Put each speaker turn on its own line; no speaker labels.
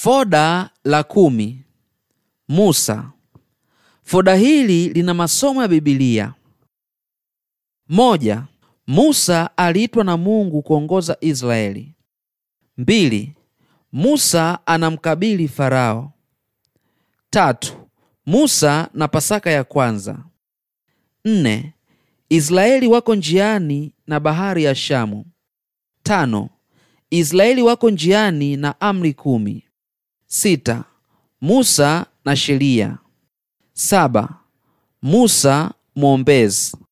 Foda la kumi, Musa. Foda hili lina masomo ya Biblia. Moja, Musa aliitwa na Mungu kuongoza Israeli. Mbili, Musa anamkabili Farao. Tatu, Musa na Pasaka ya kwanza. Nne, Israeli wako njiani na bahari ya Shamu. Tano, Israeli wako njiani na amri kumi sita Musa na sheria. saba Musa mwombezi.